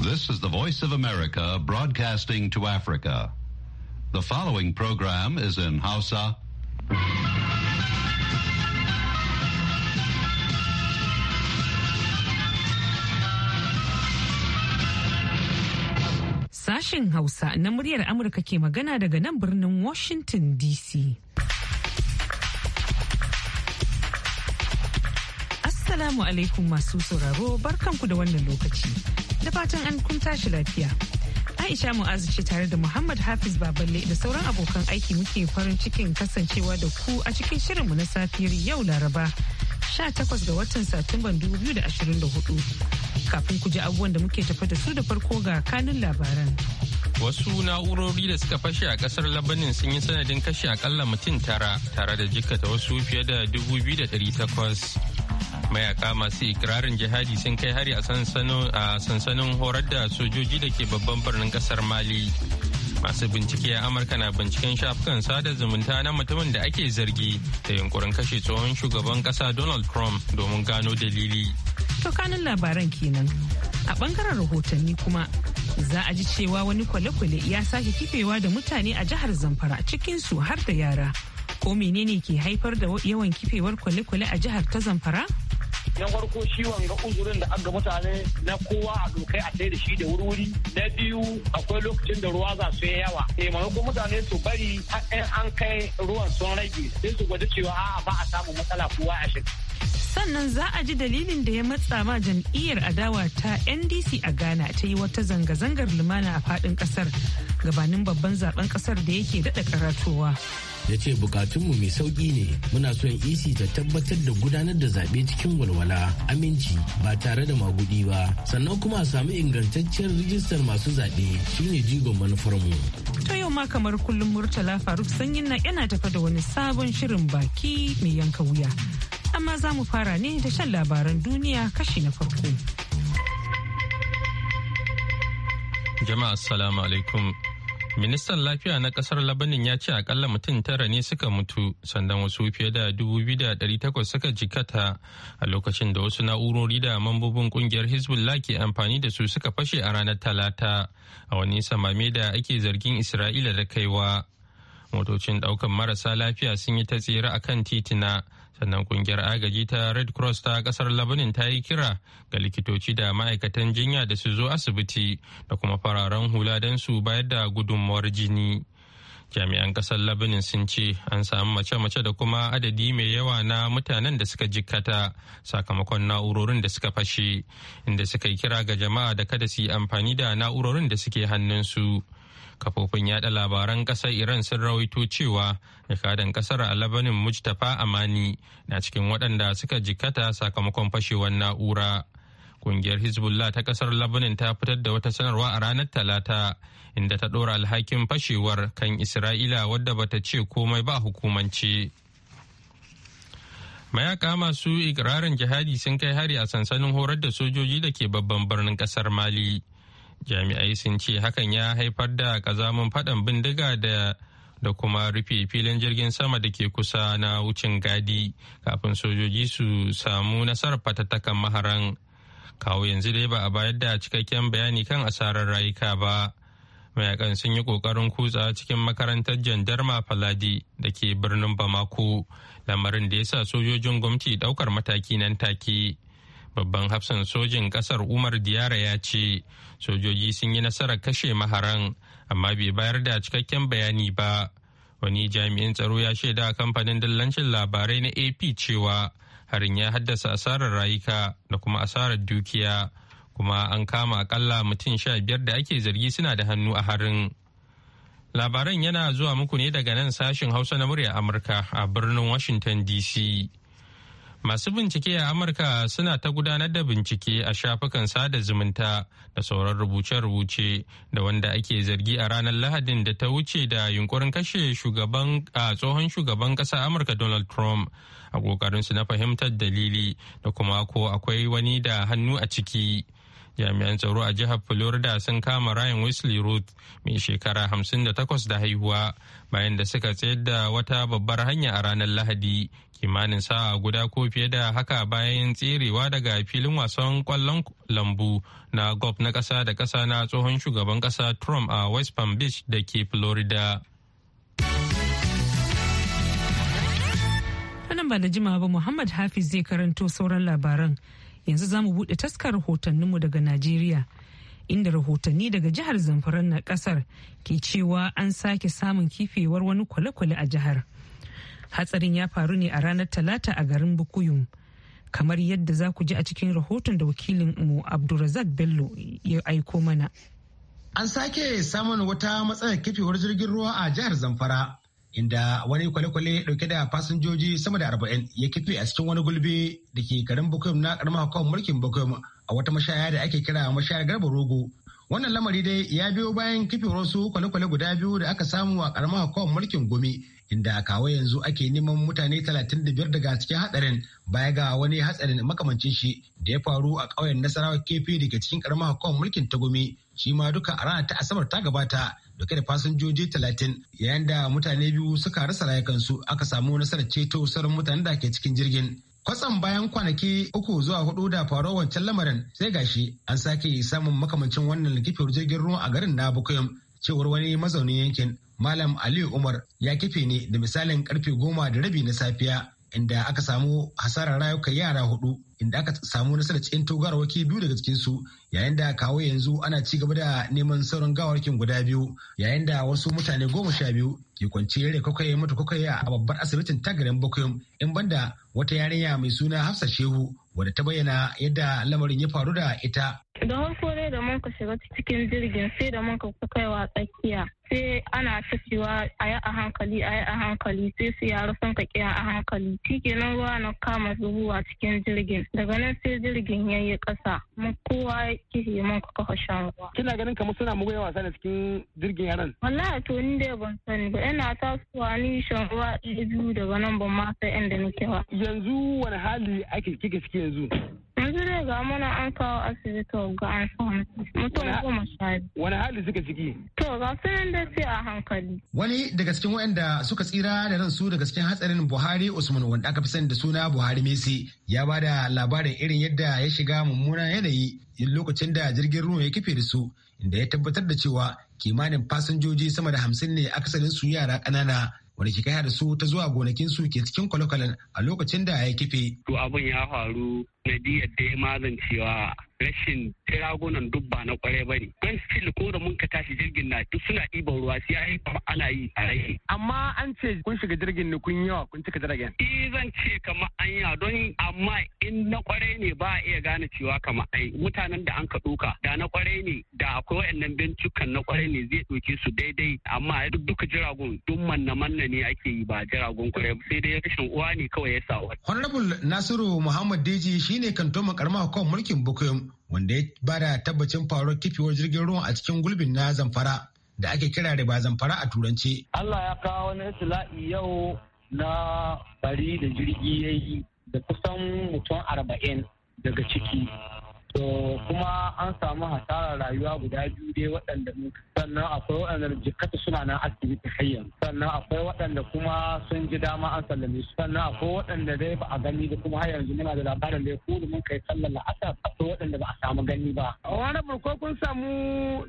This is the Voice of America broadcasting to Africa. The following program is in Hausa. Sashen Hausa na muryar Amurka ke magana daga nan birnin Washington DC. Assalamu alaikum masu sauraro barkanku da wannan lokaci. Da fatan an kun tashi lafiya. Aisha Mu'azu ce tare da Muhammad Hafiz Baballe da sauran abokan aiki muke farin cikin kasancewa da ku a cikin shirinmu na safiyar yau Laraba Sha takwas ga watan Satumban 2024. Kafin ku ji abubuwan da muke tafa da su da farko ga kanun labaran. Wasu na'urori da suka fashe a kasar Labanin sun yi sanadin kashe akalla mutum tara tare da jikkata wasu fiye da 2,800. mayaka masu ikirarin jihadi sun kai hari a sansanin horar da sojoji da ke babban birnin kasar mali masu bincike a amurka na binciken shafukan sada zumunta na mutumin da ake zargi da yunkurin kashe tsohon shugaban kasa donald trump domin gano dalili to kanin labaran kenan a bangaren rahotanni kuma za a ji cewa wani kwale-kwale ya sake kifewa da mutane a jihar zamfara cikinsu har da yara ko menene ke haifar da yawan kifewar kwale-kwale a jihar ta zamfara na farko shi wanga uzurin da aga mutane na kowa a dokai a sai da shi da wuri na biyu akwai lokacin da ruwa za su yi yawa e maimakon mutane su bari haɗin an kai ruwan sun rage sai su gwada cewa a ba a samu matsala kowa a shi sannan za a ji dalilin da ya matsa ma jam'iyyar adawa ta ndc a ghana ta yi wata zanga-zangar lumana a faɗin ƙasar gabanin babban zaben ƙasar da yake daɗa karatowa ya ce bukatunmu mai sauki ne muna son ec ta tabbatar da gudanar da zaɓe cikin walwala aminci ba tare da magudi ba sannan kuma a samu ingantacciyar rijistar masu zaɓe shine jigon manufarmu. ta yau ma kamar kullum murtala faruk sanyin na yana tafa da wani sabon shirin baki mai yanka wuya amma za mu fara ne da shan labaran duniya kashi na farko. Jama'a assalamu alaikum. ministan lafiya na kasar labanin ya ce akalla mutum tara ne suka mutu sannan wasu fiye da da 2,800 suka jikata a lokacin da wasu na'urori da mambobin kungiyar hezbollah ke amfani da su suka fashe a ranar talata a wani samame da ake zargin isra'ila da kaiwa motocin daukan marasa lafiya sun yi ta tsere a kan titina sannan kungiyar agaji ta red cross ta kasar labanin ta yi kira ga likitoci da ma'aikatan jinya da su zo asibiti da kuma fararen hula don su bayar da gudunmawar jini jami'an kasar labanin sun ce an samu mace-mace da kuma adadi mai yawa na mutanen da suka jikkata sakamakon na'urorin da suka fashe inda suka yi kira ga jama'a da kada su yi amfani da na'urorin da suke hannunsu. su kafofin yada labaran kasar iran sun rawaito cewa jakadan kasar a labanin mujtafa amani na cikin waɗanda suka jikata sakamakon fashewar na'ura kungiyar hezbollah ta kasar labanin ta fitar da wata sanarwa a ranar talata inda ta ɗora alhakin fashewar kan isra'ila wadda bata ce komai ba hukumance mayaka masu ikirarin jihadi sun kai hari a sansanin horar da sojoji da ke babban birnin kasar mali jami'ai sun ce hakan ya haifar da kazamin faɗan bindiga da da kuma rufe filin jirgin sama da ke kusa na wucin gadi kafin sojoji su samu nasarar fatattakan maharan kawo yanzu dai ba a bayar da cikakken bayani kan asarar rayuka ba mayakan sun yi kokarin kutsa cikin makarantar jandarma faladi da ke birnin bamako lamarin da ya sa sojojin gwamnati daukar mataki nan take babban hafsan sojin ƙasar umar diyara ya ce sojoji sun yi nasarar kashe maharan amma bai bayar da cikakken bayani ba wani jami'in tsaro ya shaida kamfanin dillancin labarai na ap cewa harin ya haddasa asarar rayuka da kuma asarar dukiya kuma an kama akalla mutum sha biyar da ake zargi suna da hannu a harin labaran yana zuwa muku ne daga nan sashen hausa na murya amurka a birnin washington dc Masu bincike a Amurka suna ta gudanar da bincike a shafukan sada zumunta da sauran rubuce-rubuce da wanda ake zargi a ranar Lahadin da ta wuce da yunkurin kashe shugaban a tsohon shugaban ƙasa Amurka Donald Trump a ƙoƙarinsu na fahimtar dalili da kuma ko akwai wani da hannu a ciki. jami'an tsaro a jihar florida sun kama ryan wesley ruth mai shekara 58 da haihuwa bayan da suka tsayar da wata babbar hanya a ranar lahadi kimanin sa'a guda ko fiye da haka bayan tserewa daga filin wasan kwallon lambu na golf na kasa da kasa na tsohon shugaban kasa trump a west palm beach da ke florida nan ba da jimawa ba muhammad hafiz zai karanto sauran labaran yanzu za mu buɗe taskar rahotanninmu daga najeriya inda rahotanni daga jihar zamfara na kasar ke cewa an sake samun kifewar wani kwale-kwale a jihar hatsarin ya faru ne a ranar talata a garin bukuyum kamar yadda za ku ji a cikin rahoton da wakilin mu abdulrazak bello ya aiko mana an sake samun wata matsalar kifewar jirgin ruwa a jihar zamfara inda wani kwale-kwale dauke da fasinjoji sama da arba'in ya kife a cikin wani gulbe da ke garin bukum na karamar hukumar mulkin bukum a wata mashaya da ake kira mashayar garba rogo wannan lamari dai ya biyo bayan kifin wasu kwale-kwale guda biyu da aka samu a karamar hukumar mulkin gumi inda kawai yanzu ake neman mutane talatin 35 daga cikin hatsarin baya ga wani hatsarin makamancin shi da ya faru a ƙauyen nasarawa kefi daga cikin karamar hukumar mulkin ta gumi shi ma duka a ranar ta asabar ta gabata dauke da fasinjoji talatin yayin da mutane biyu suka rasa rayukansu aka samu nasarar ceto sauran mutane da ke cikin jirgin kwatsam bayan kwanaki uku zuwa hudu da faruwar wancan lamarin sai gashi an sake samun makamancin wannan likifiyar jirgin ruwa a garin Nabukuyum cewar wani mazaunin yankin Malam Aliyu Umar ya kife ne da misalin karfe goma da rabi na safiya inda aka samu hasarar rayukan yara hudu inda aka samu nasarar cikin togarwaki biyu daga cikinsu yayin da kawo yanzu ana ci gaba da neman sauran gawarkin guda biyu yayin da wasu mutane goma sha biyu ke kwance yare kwakwai mata kwakwai a babbar asibitin tagarin bakwai in banda wata yarinya mai suna hafsa shehu wadda ta bayyana yadda lamarin ya faru da ita. da farko sai da mun ka shiga cikin jirgin sai da mun ka kaiwa tsakiya sai ana ta cewa a yi a hankali a yi a hankali sai su yaro sun ka kiya a hankali shikenan ruwa na kama zubuwa cikin jirgin daga nan sai jirgin ya yi ƙasa mun kowa ya yi mun ka kafa shan ruwa. kina ganin kamar suna mu gwaiwa wasa da cikin jirgin yaran. wallahi to ni dai ban sani ba ina tasowa ni shan ruwa ɗaya biyu daga nan ban ma sai inda nake ba. yanzu wani hali ake kike ciki yanzu. yanzu ga mana an kawo asibiti ga an wani hali suka ciki to ga su nan a hankali wani daga cikin waɗanda suka tsira da ransu daga cikin hatsarin buhari usman wanda aka fi sani da suna buhari messi ya ba da labarin irin yadda ya shiga mummunan yanayi lokacin da jirgin ruwa ya kife da su inda ya tabbatar da cewa kimanin fasinjoji sama da hamsin ne akasarin su yara ƙanana wani ke kaya da su ta zuwa gonakin su ke cikin kwalokwalen a lokacin da ya kife. To abin ya faru sanadiyar da ya mazancewa rashin tiragunan dubba na kwarai ba ne don ko da mun ka tashi jirgin na duk suna ɗiban ruwa sai haifa ana yi a rai amma an ce kun shiga jirgin ne kun yawa kun cika jiragen eh zan ce kamar anya don amma in na kwarai ne ba a iya gane cewa kamar ai mutanen da an ka ɗuka da na kwarai ne da akwai waɗannan bincikan na kwarai ne zai ɗauke su daidai amma duk duka jiragun duk manna manna ne ake yi ba jiragun kwarai sai dai rashin uwa ne kawai ya sa wani. honorable nasiru muhammad deji shi kan kanto makarma kan mulkin bukum wanda ya bada tabbacin faruwar kifiwar jirgin ruwan a cikin gulbin na zamfara da ake kira da ba zamfara a turanci. Allah ya kawo wani isla'i yau na bari da jirgi ya yi da kusan mutum arba'in daga ciki To kuma an samu hasarar rayuwa guda biyu dai waɗanda sannan akwai waɗanda jikata suna nan asibiti yanzu sannan akwai waɗanda kuma sun ji dama an sallame su sannan akwai waɗanda dai ba a gani da kuma har yanzu muna da labarin da ya kuru mun kai sallar la'asar akwai waɗanda ba a samu gani ba. wani ko kun samu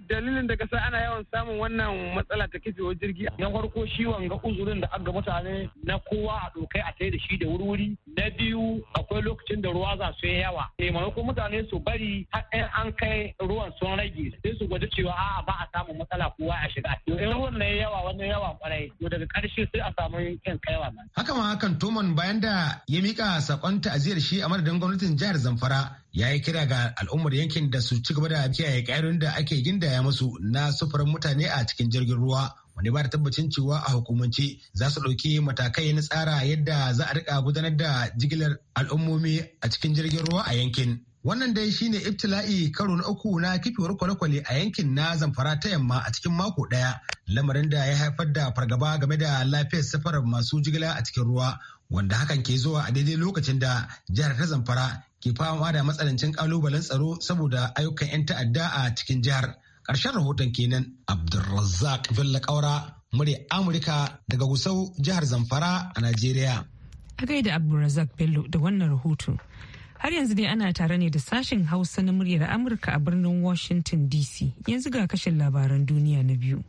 dalilin daga sa ana yawan samun wannan matsala ta kifewar jirgi na farko shi wanga uzurin da aga mutane na kowa a dokai a tai da shi da wuri-wuri na biyu akwai lokacin da ruwa za su yi yawa. Eh, maimakon mutane su bari har an kai ruwan sun rage sai su gwada cewa a ba a samu matsala kowa a shiga to in ruwan ne yawa wani yawa kwarai to daga karshe sai a samu kin kaiwa nan haka ma hakan toman bayan da ya mika sakon ta'aziyar shi a madadin gwamnatin jihar Zamfara ya yi kira ga al'ummar yankin da su ci gaba da kiyaye ƙa'irin da ake gindaya musu na sufurin mutane a cikin jirgin ruwa wani ba da tabbacin cewa a hukumance za su ɗauki matakai na tsara yadda za a rika gudanar da jigilar al'ummomi a cikin jirgin ruwa a yankin. Wannan dai shine ibtila'i karo na uku na kifewar kwale-kwale a yankin na zamfara ta yamma a cikin mako ɗaya lamarin da ya haifar da fargaba game da lafiyar safarar masu jigila a cikin ruwa wanda hakan ke zuwa a daidai lokacin da jihar ta zamfara ke fama da matsanancin kalubalen tsaro saboda ayyukan 'yan ta'adda a cikin jihar. Ƙarshen rahoton kenan Abdulrazak Bello Kaura murya Amurka daga Gusau jihar Zamfara a Najeriya. A gaida Abdulrazak Bello da wannan rahoto. Har yanzu dai ana tare ne da sashen Hausa na muryar Amurka a birnin Washington DC. Yanzu ga kashin labaran duniya na biyu.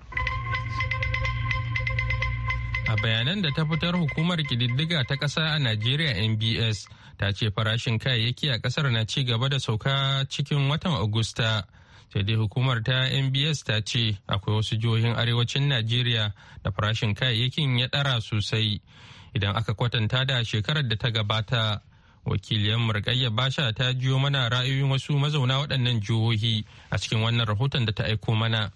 A bayanan da ta fitar hukumar kididdiga ta ƙasa a Najeriya NBS ta ce farashin kayayyaki a ƙasar na ci gaba da sauka cikin watan Agusta. sai dai hukumar ta NBS ta ce akwai wasu jihohin arewacin Najeriya da farashin kayayyakin ya ɗara sosai idan aka kwatanta da shekarar da ta gabata. wakiliyar murgayya basha ta jiyo mana ra'ayoyin wasu mazauna waɗannan jihohi a cikin wannan rahoton da ta aiko mana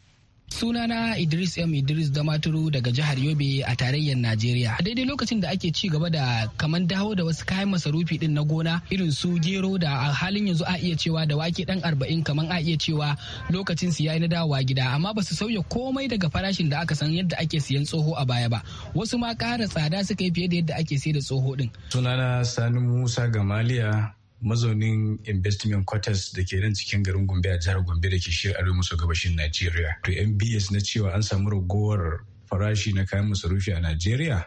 Sunana Idris M. Idris Damaturu daga jihar Yobe a tarayyar Najeriya. A daidai lokacin da ake ci gaba da kaman dawo da wasu kayan masarufi din na gona irin su gero da a halin yanzu a iya cewa da wake dan arba'in kaman a iya cewa lokacin siya na dawowa gida amma ba su sauya komai daga farashin da aka san yadda ake siyan tsoho a baya ba. Wasu ma ƙara tsada suka yi fiye da yadda ake sayar da tsoho din. Sunana Sani Musa Gamaliya mazaunin investment quarters da ke nan cikin garin Gombe a jihar Gombe da ke shirya arewa maso gabashin Najeriya. To MBS na cewa an samu ragowar farashi na kayan masarufi a Najeriya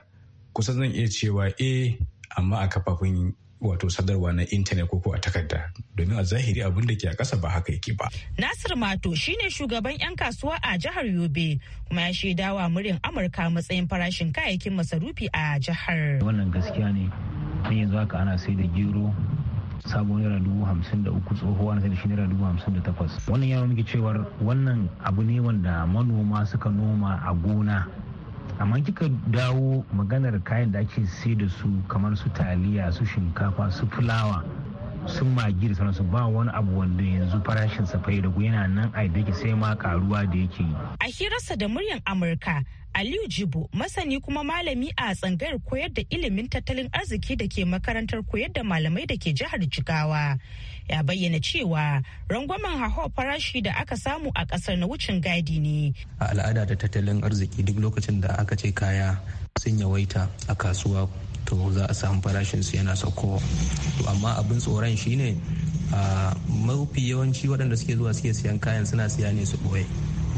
kusa zan iya cewa eh amma a kafafun wato sadarwa na intanet ko a takarda domin a zahiri abin da ke a kasa ba haka yake ba. Nasir Mato shine shugaban 'yan kasuwa a jihar Yobe kuma ya shaidawa muryar Amurka matsayin farashin kayayyakin masarufi a jihar. Wannan gaskiya ne, yanzu haka ana sai da gero sabon naira dubu hamsin da uku tsohuwa na sai da naira dubu hamsin da takwas wannan ya nuna cewar wannan abu ne wanda manoma suka noma a gona amma kika dawo maganar kayan da ake sai da su kamar su taliya su shinkafa su fulawa sun magi da sauransu ba wani abu wanda yanzu farashin sa fai da yana nan a yadda sai ma karuwa da yake yi. A hirarsa da muryar Amurka, Aliyu Jibo masani kuma malami a tsangayar koyar da ilimin tattalin arziki da ke makarantar koyar da malamai da ke jihar Jigawa. Ya bayyana cewa rangwamen haho farashi da aka samu a kasar na wucin gadi ne. A al'ada da tattalin arziki duk lokacin da aka ce kaya sun yawaita a kasuwa to za a samu farashin su yana saukowa to amma abin tsoron shine mafi yawanci waɗanda suke zuwa suke siyan kayan suna siya ne su ɓoye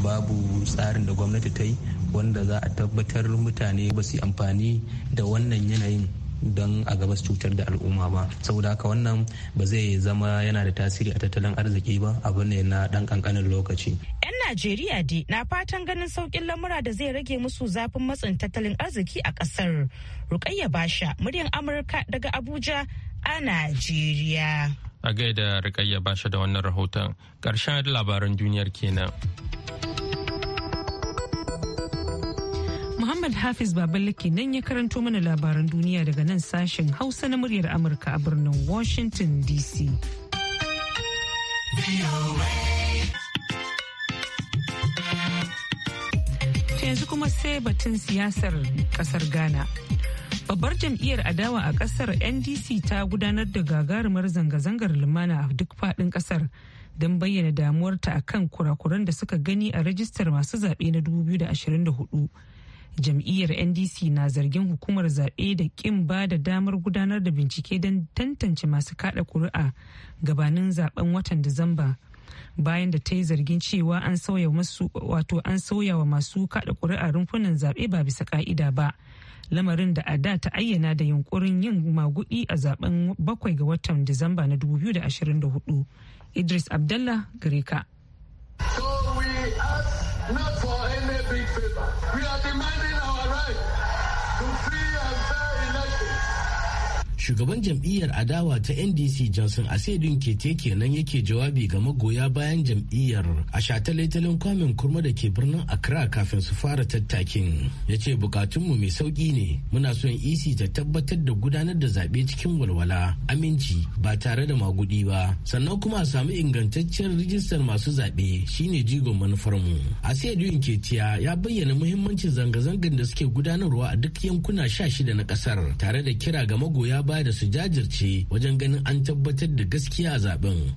babu tsarin da gwamnati ta yi wanda za a tabbatar mutane ba su amfani da wannan yanayin don a gaba cutar da al'umma ba saboda haka wannan ba zai zama yana da tasiri a tattalin arziki ba abu ne na dan kankanin lokaci yan najeriya dai na fatan ganin saukin lamura da zai rage musu zafin matsin tattalin arziki a kasar rukayya basha muryan amurka daga abuja a najeriya a gaida rukayya basha da wannan rahoton karshen labaran duniyar kenan. Muhammad Hafiz Baballake nan ya karanto mana labaran duniya daga nan sashen Hausa na muryar Amurka a birnin Washington DC. yanzu kuma sai batun siyasar kasar Ghana. Babbar jam'iyyar adawa a kasar NDC ta gudanar da gagarumar zanga-zangar lumana a duk faɗin kasar don bayyana damuwarta akan kurakuran da suka gani a rajistar masu zaɓe na 2024. jam'iyyar ndc na zargin hukumar zaɓe da ƙin ba da damar gudanar da bincike don tantance masu kaɗa kuri'a gabanin zaben watan disamba bayan da ta yi zargin cewa an sauya wato an sauya wa masu kaɗa kuri'a rumfunan zaɓe ba bisa ƙa'ida ba lamarin da a da ta ayyana da yunkurin yin magudi a zaben bakwai ga watan disamba na 2024 idris abdallah gare ka so we ask not shugaban jam'iyyar adawa ta ndc johnson asedun kete kenan yake jawabi ga magoya bayan jam'iyyar a shataletalen kwamin kurma da ke birnin accra kafin su fara tattakin ya ce bukatunmu mai sauki ne muna son ec ta tabbatar da gudanar da zaɓe cikin walwala aminci ba tare da magudi ba sannan kuma a samu ingantaccen rijistar masu zaɓe shine jigon manufarmu ke ketiya ya bayyana muhimmancin zanga-zangar da suke gudanarwa a duk yankuna sha shida na ƙasar tare da kira ga magoya bayan da su jajirce wajen ganin an tabbatar da gaskiya zaben.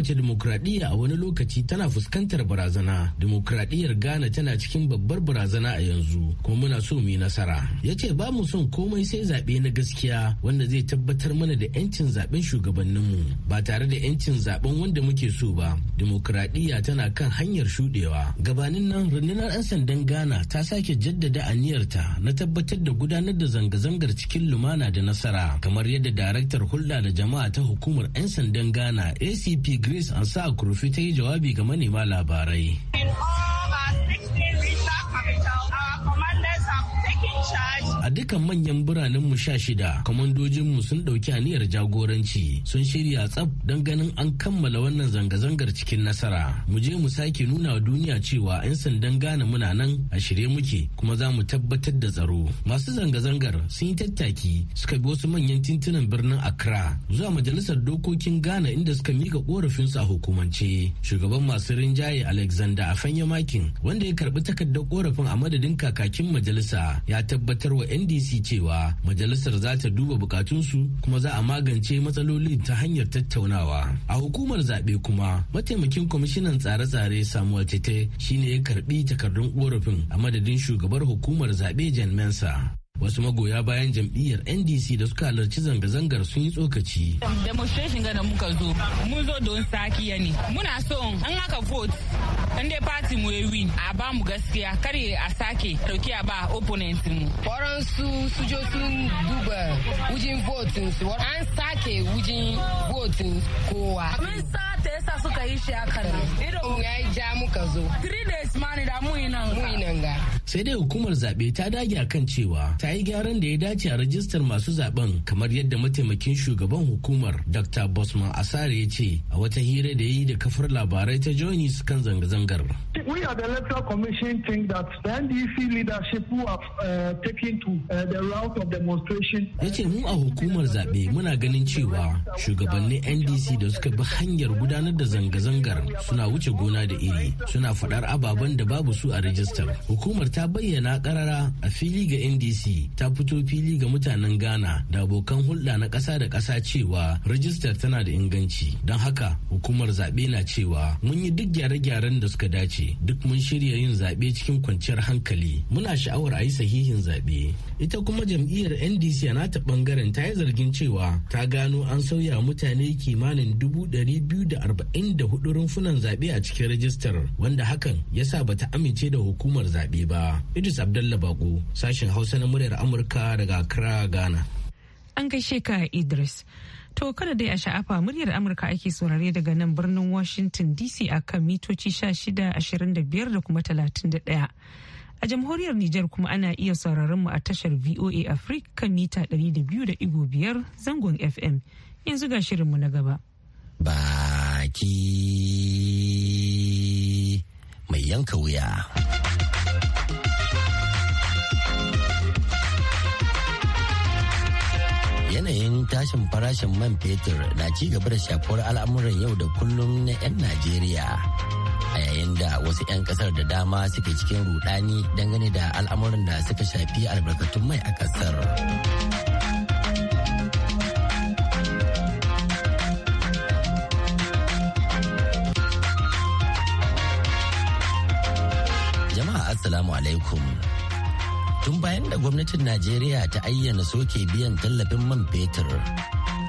kowace demokradiyya a wani lokaci tana fuskantar barazana demokradiyyar ghana tana cikin babbar barazana a yanzu kuma muna so mu yi nasara ya ce ba mu son komai sai zaɓe na gaskiya wanda zai tabbatar mana da 'yancin zaɓen shugabanninmu ba tare da 'yancin zaɓen wanda muke so ba demokradiyya tana kan hanyar shuɗewa gabanin nan rundunar 'yan sandan ghana ta sake jaddada aniyarta na tabbatar da gudanar da zanga-zangar cikin lumana da nasara kamar yadda daraktar hulɗa da jama'a ta hukumar 'yan sandan ghana acp Grace Ansa Kurfi ta yi jawabi ga manema labarai. In all our 16 regional capitals, our commanders have taken charge A dukkan manyan biranen mu sha shida, mu sun ɗauki aniyar jagoranci sun shirya tsaf don ganin an kammala wannan zanga-zangar cikin nasara. Mu je mu sake nuna wa duniya cewa 'yan sandan Ghana muna nan a shirye muke kuma za mu tabbatar da tsaro. Masu zanga-zangar sun yi tattaki suka bi wasu manyan tintunan birnin Accra zuwa majalisar dokokin Ghana inda suka mika korafinsu a hukumance. Shugaban masu rinjaye Alexander Afanya Makin wanda ya karbi takardar korafin a madadin kakakin majalisa ya tabbatar wa ndc cewa majalisar za ta duba bukatunsu kuma za a magance matsalolin ta hanyar tattaunawa a hukumar zaɓe kuma mataimakin kwamishinan tsare-tsare samuel tete shine ya karbi takardun korafin a madadin shugabar hukumar zaɓe jan mensa wasu magoya bayan jam'iyyar ndc da suka halarci zanga-zangar sun yi tsokaci demonstration ga da muka zo mun zo don sakiya ne muna so an haka vote in dai party mu ya win a ba mu gaskiya kar a sake dauki a ba opponent mu foran su jo su duba wujin vote su an sake wujin vote kowa sa ta yasa suka yi shi hakan ido mu yi ja muka zo 3 days ma ne da mu yi nan mu yi nan ga sai dai hukumar zaɓe ta dage a kan cewa ta yi gyaran da ya dace a rajistar masu zaben kamar yadda mataimakin shugaban hukumar Dr. Bosman Asare ya ce a wata hira da ya yi da kafar labarai ta su kan zanga-zanga zanga We at the Electoral Commission think that the NDC leadership who have uh, taken to uh, the route of demonstration. Ya ce mu a hukumar zaɓe muna ganin cewa shugabannin NDC da suka bi hanyar gudanar da zanga-zangar suna wuce gona da iri suna faɗar ababen da babu su a rijistar. Hukumar ta bayyana ƙarara a fili ga NDC ta fito fili ga mutanen Ghana da abokan hulɗa na ƙasa da ƙasa cewa rijistar tana da inganci. Don haka hukumar zaɓe na cewa mun yi duk gyare-gyaren da suka dace duk mun shirya yin zaɓe cikin kwanciyar hankali muna sha'awar a yi sahihin zaɓe ita kuma jam'iyyar ndc a nata ɓangaren ta yi zargin cewa ta gano an sauya mutane kimanin dubu ɗari biyu da arba'in da hudu rumfunan zaɓe a cikin rajistar wanda hakan ya sa bata amince da hukumar zaɓe ba idris abdallah bako sashen hausa na muryar amurka daga accra ghana an gaishe ka idris To kada dai a sha'afa muryar Amurka ake saurare daga nan birnin Washington DC a kan mitoci ashirin da biyar, da kuma talatin da 31. A jamhuriyar Nijar kuma ana iya sauraron mu a tashar VOA Africa kan mita da da biyu biyar zangon FM. Yanzu ga shirinmu na gaba. Baki mai yanka wuya. yanayin tashin farashin man fetur na ci gaba da shafuwar al'amuran yau da kullum na 'yan Najeriya. A yayin da wasu 'yan kasar da dama suke cikin rudani dangane da al'amuran da suka shafi albarkatun mai a kasar. Jama'a Assalamu alaikum. tun bayan da gwamnatin najeriya ta ayyana soke biyan tallafin man fetur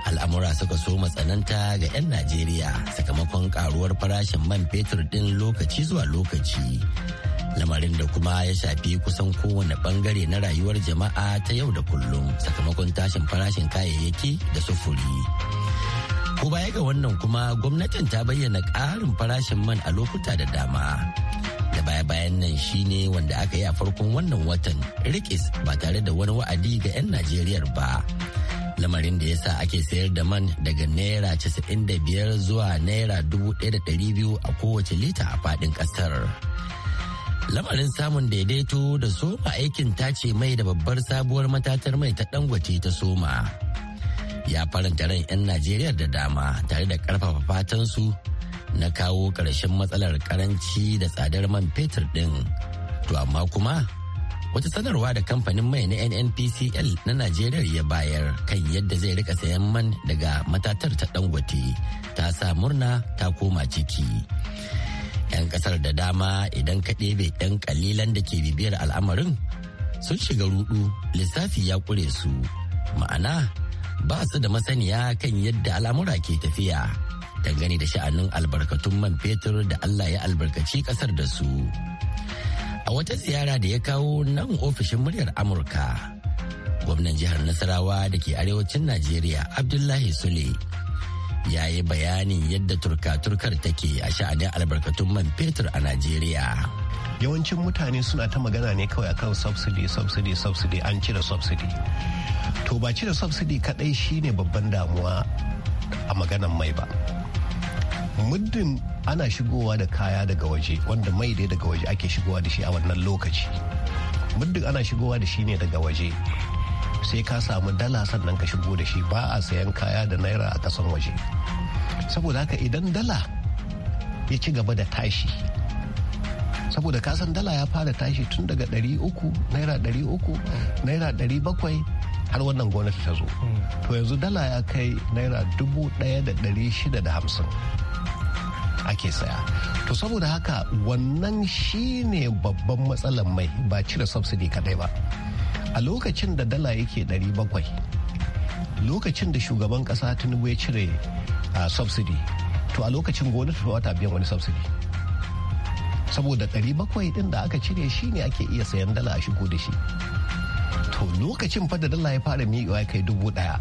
al'amura suka so matsananta ga 'yan najeriya sakamakon karuwar farashin man fetur din lokaci zuwa lokaci lamarin da kuma ya shafi kusan kowane bangare na rayuwar jama'a ta yau da kullum sakamakon tashin farashin kayayyaki da sufuri ko baya ga wannan kuma gwamnatin ta bayyana ƙarin farashin man a lokuta da dama baya-bayan nan shine wanda aka yi a farkon wannan watan rikis ba tare da wani wa'adi ga 'yan Najeriya ba. Lamarin da ya sa ake sayar da man daga naira 95 zuwa naira 1,200 a kowace lita a faɗin ƙasar. Lamarin samun daidaito da soma aikin tace mai da babbar sabuwar matatar mai ta dangote ta soma. Ya faranta ran 'yan Najeriya da dama tare da ƙarfafa fatansu na kawo ƙarshen matsalar karanci da tsadar man fetur ɗin. To amma kuma wata sanarwa da kamfanin mai na nnpcl na najeriya ya bayar kan yadda zai rika sayan man daga matatar ta dangote ta sa murna ta koma ciki yan kasar da dama idan ka ɗebe ɗan kalilan da ke bibiyar al'amarin sun shiga rudu lissafi ya kure su ma'ana ba su da masaniya kan yadda al'amura ke tafiya dangane da sha'anin albarkatun man fetur da Allah ya albarkaci kasar da su. A wata ziyara da ya kawo nan ofishin muryar Amurka, gwamnan jihar Nasarawa da ke arewacin Najeriya Abdullahi Sule ya yi bayanin yadda turka-turkar take a sha'anin albarkatun man fetur a Najeriya. Yawancin mutane suna ta magana ne kawai akan subsidy, subsidy, subsidy, an cire subsidy. To ba cire subsidy kaɗai shine babban damuwa a maganan mai ba. muddin ana shigowa da kaya daga waje wanda mai dai daga waje ake shigowa da shi a wannan lokaci muddin ana shigowa da shi ne daga waje sai ka samu dala sannan ka shigo da shi ba a sayan kaya da naira a kasan waje saboda haka idan dala ya ci gaba da tashi saboda kasan dala ya fara tashi tun daga 300 naira 300 naira 700 har wannan gwamnati ta zo hmm. to yanzu dala ya kai naira 1650 ake saya to saboda haka wannan shine babban matsalar mai ba cire subsidy kadai ba a lokacin da dala yake 700 lokacin da shugaban kasa tinubu ya cire a ah, subsidy to a lokacin gona ta wata biyan wani subsidy saboda 700 din da aka cire shi ne ake iya sayan dala a shigo da shi to lokacin fa da dala ya fara miƙewa ya kai dubu ɗaya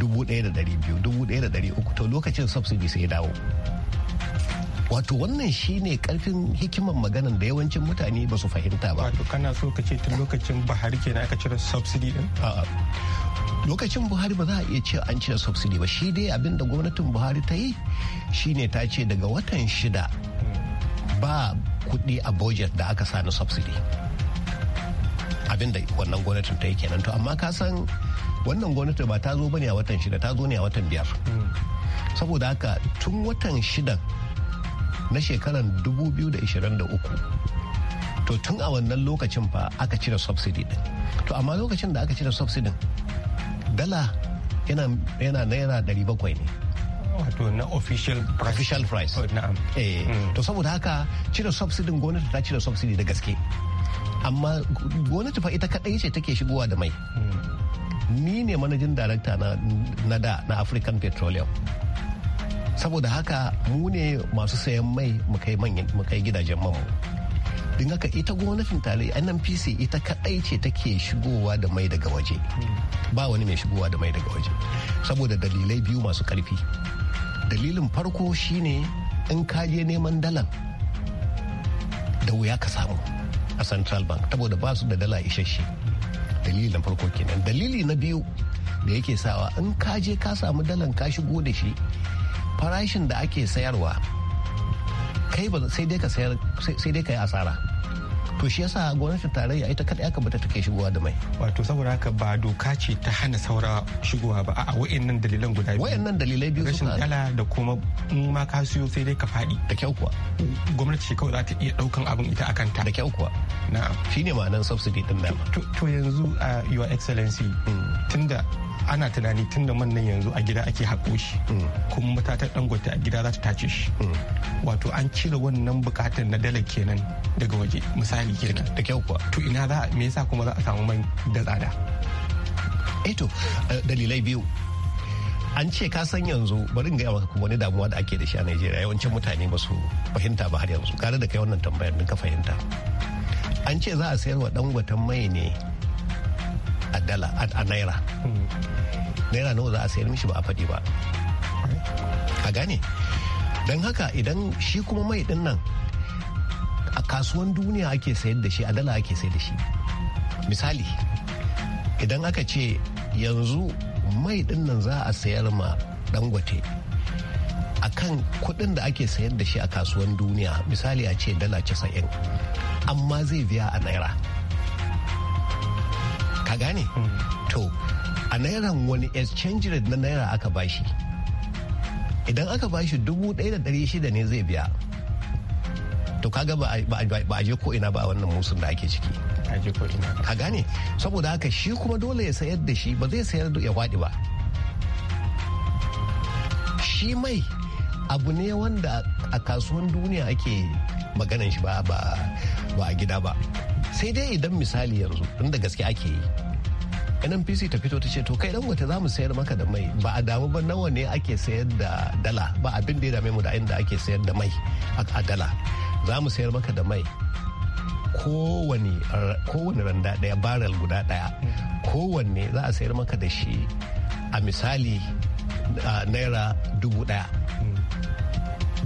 dubu ɗaya da ɗari biyu dubu ɗaya da ɗari uku to lokacin subsidy sai ya dawo wato wannan shine karfin hikimar maganan da yawancin mutane ba su fahimta ba wato kana so ka ce tun lokacin buhari kenan aka cire subsidy din lokacin buhari ba za a iya ce an cire subsidy ba shi dai abinda gwamnatin buhari ta yi shine ta ce daga watan shida ba kudi a budget da aka sa na subsidy abinda wannan gwamnatin ta yi kenan to amma ka san wannan gwamnati ba ta zo bane a watan shida ta zo ne a watan biyar hmm. saboda haka tun watan shidan na shekaran 2023 to tun a wannan lokacin fa aka cire subsidy din to amma lokacin da aka cire subsidy dala yana naira 700 ne wato na official price. official price oh, eh hmm. to saboda haka cire subsidy gwamnati ta cire subsidy da gaske amma gwamnati fa ita kadai ce take shigowa da mai hmm. ni ne manajin darakta na da na african petroleum saboda haka mu ne masu sayan mai mu kai gidajen mamu don haka ita gwamnatin tarayya nnpc ita kadai ce take shigowa da mai daga waje ba wani mai shigowa da mai daga waje saboda dalilai biyu masu karfi dalilin farko shine in ka neman dalan da wuya ka samu a central bank saboda ba su da dala isasshe dalili na farko kenan dalili na biyu da yake sawa in ka je ka samu dalan ka shigo da shi farashin da ake sayarwa kai ba sai dai ka sayar sai dai ka yi asara to shi yasa gwamnatin tarayya ita kadai aka bata take shigowa da mai wato saboda haka ba doka ce ta hana saura shigowa ba a wayannan dalilan guda biyu wayannan dalilai biyu rashin kala da kuma in ma ka siyo sai dai ka fadi da kyau kuwa gwamnati ce kawai za ta iya daukan abin ita akan ta da kyau kuwa na'am shine ma'anar subsidy din nan to yanzu uh, your excellency hmm. tunda ana tunani tun da man nan yanzu a gida ake haƙo shi hmm. kuma matatan dangote a gida za ta tace shi hmm. wato an cire wannan bukatar na dala kenan daga waje misali kenan da kyau kuwa to ina za me yasa kuma za a samu man da tsada eto eh eh, dalilai biyu an ce ka san yanzu bari in gaya maka kuma wani damuwa da ake da shi a Najeriya yawancin mutane ba su fahimta ba har yanzu kare da kai wannan tambayar ka fahimta an ce za a sayar wa dangwatan mai ne a dala a naira naira nawa za a sayar mishi ba a faɗi ba a gane don haka idan shi kuma mai din nan a kasuwan duniya ake sayar da shi a dala ake sayar da shi misali idan aka ce yanzu mai din nan za a sayar ma dangote a kan kudin da ake sayar da shi a kasuwan duniya misali a ce dala casa'in amma zai biya a naira ka gane to a naira wani exchange rate na naira aka bashi idan aka bashi dubu ɗaya da ɗari shida ne zai biya to kaga ba a je ko ina ba a wannan musun da ake ciki ka gane saboda haka shi kuma dole ya sayar da shi ba zai sayar da ya waɗi ba shi mai abu ne wanda a kasuwan duniya ake maganan shi ba a gida ba sai dai idan misali yanzu da gaske ake yi NNPC ta fito ta ce to kai dan wata za mu sayar maka da mai ba a damu ba nawa ne ake sayar da dala ba abin da ya dame mu da inda ake sayar da mai a dala za mu sayar maka da mai kowane randa daya barrel guda daya kowanne za a sayar maka da shi a misali naira dubu daya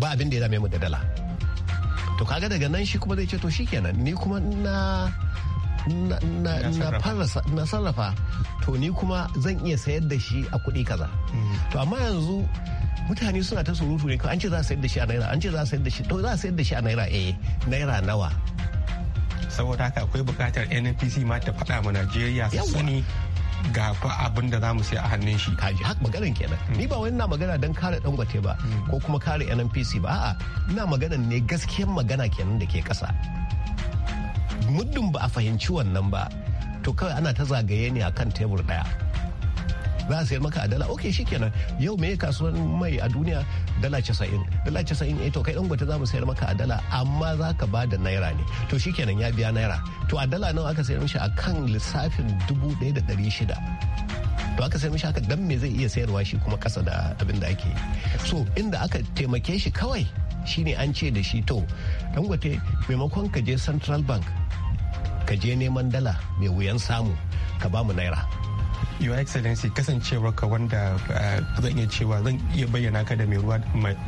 ba abin da ya dame mu da dala to kaga daga nan shi kuma zai ce to shikenan ni kuma na na sarrafa to ni kuma zan iya sayar da shi a kuɗi kaza mm. to amma yanzu mutane suna ta surutu ne an ce za a sayar da shi a naira an ce za a sayar da shi to za a sayar da shi a naira eh naira nawa saboda haka akwai bukatar nnpc ma ta faɗa ma najeriya su sani ga fa abin da zamu sai a hannun shi kaji haka maganar kenan ni ba wani na magana don kare gwate ba ko kuma kare NNPC ba a'a ina magana ne gaskiyan magana kenan da ke kasa muddin ba a fahimci wannan ba to kawai ana ta zagaye ne akan tebur daya za a sayar maka a dala ok shikenan yau me kasuwar mai a duniya dala casa'in dala casa'in eh to kai gwata za mu sayar maka a dala amma za ka ba da naira ne to shikenan ya biya naira to a dala nawa aka sayar mishi a kan lissafin dubu ɗaya da ɗari shida to aka sayar mishi haka dan me zai iya sayarwa shi kuma kasa da abin da ake so inda aka taimake shi kawai shine an ce da shi to dangote maimakon ka je central bank ka je neman dala mai wuyan samu ka ba mu naira your excellency kasancewar ka wanda eh, zan iya cewa zan iya bayyana ka da mai ruwa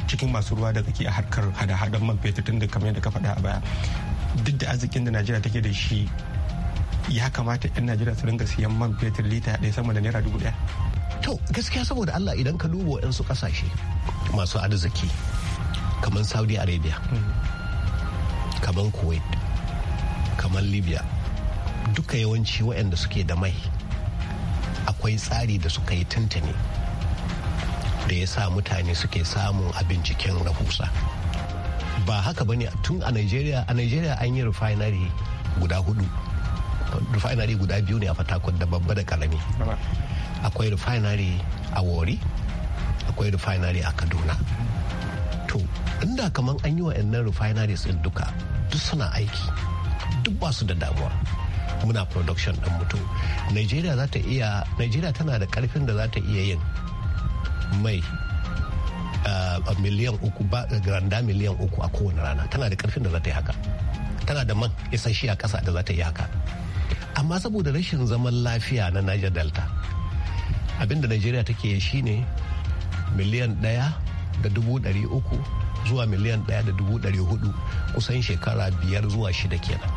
cikin masu ruwa da tsaki a harkar hada-hadar man fetur tun da kamar yadda ka faɗa a baya duk da arzikin da najeriya take da shi ya kamata 'yan najeriya su dinga siyan man fetur lita ɗaya sama da naira dubu ɗaya to gaskiya saboda allah idan ka duba waɗansu ƙasashe masu arziki kamar saudi arabia kamar kuwait kamar libya duka yawanci waɗanda suke da mai akwai tsari da suka yi tuntuni da ya sa mutane suke samun a binciken rahusa ba haka ba ne tun a nigeria a nigeria an yi refinery guda hudu refinery guda biyu ne a fatakon da babba da karami akwai refinery a wari akwai refinery a kaduna to inda kamar an yi wa refineries sun duka duk suna aiki duk basu da damuwa muna production ɗin mutu nigeria za ta iya nigeria tana da karfin da za ta iya yin mai ah, miliyan uku ba granda miliyan uku a kowane rana tana da karfin da za ta yi haka tana da man isasshe a ƙasa da za ta yi haka amma saboda rashin zaman lafiya na niger delta abinda nigeria take shine miliyan ɗaya da dubu ɗari uku zuwa miliyan ɗaya da dubu ɗari hudu kusan shekara biyar zuwa shida kenan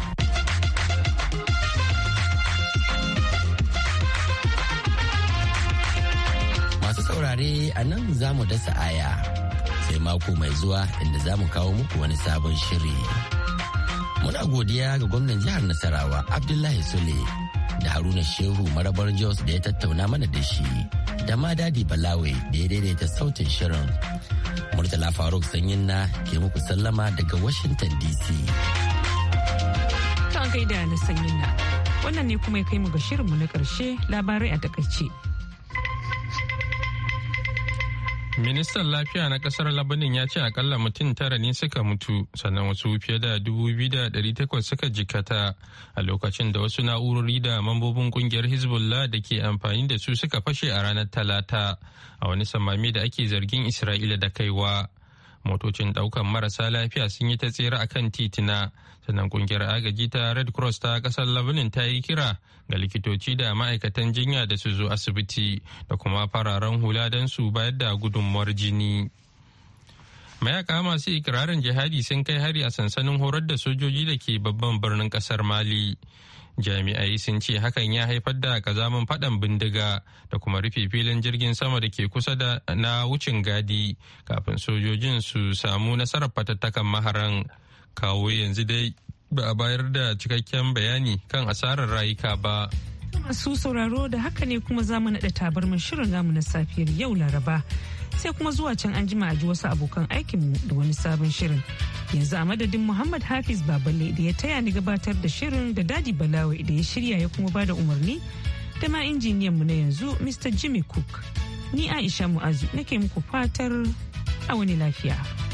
saurare a nan za mu dasa aya sai mako mai zuwa inda za mu kawo muku wani sabon shiri. Muna godiya ga gwamnan jihar Nasarawa Abdullahi Sule da Haruna Shehu marabar Jos da ya tattauna mana da shi da ma Dadi Balawe da ya daidaita sautin shirin. Murtala Faruk Sanyin na ke muku sallama daga Washington DC. Kan gaida na Sanyin na. Wannan ne kuma ya kai mu ga shirinmu na ƙarshe labarai a takaice. Ministan Lafiya na kasar Labanin ya ce akalla mutum tara ne suka mutu sannan wasu fiye da biyu da 2,800 suka jikata a lokacin da wasu na'urori da mambobin kungiyar Hezbollah da ke amfani da su suka fashe a ranar Talata a wani samami da ake zargin Isra'ila da kaiwa. motocin daukan marasa lafiya sun yi ta tsere a kan titina sannan kungiyar agaji ta red cross ta kasar lebanon ta yi kira ga likitoci da ma'aikatan jinya da su zo asibiti da kuma fararen hula don su bayar da gudunmuwar jini mayaka masu ikirarin jihadi sun kai hari a sansanin horar da sojoji da ke babban birnin kasar mali jami'ai sun ce hakan ya haifar da kazamin fadan bindiga da kuma rufe filin jirgin sama da ke kusa da na wucin gadi kafin sojojin su samu nasarar fatattakan maharan kawo yanzu dai ba a bayar da cikakken bayani kan asarar rayuka ba masu sauraro da haka ne kuma zamu da naɗa tabar shirin namu na safiyar yau laraba sai kuma zuwa can an jima ji wasu abokan mu da wani sabon shirin yanzu a madadin muhammad hafiz baballe da ya taya ni gabatar da shirin da dadi balawai da ya shirya ya kuma bada umarni da ma mu na yanzu mr jimmy cook ni aisha mu'azu nake muku fatar a wani lafiya.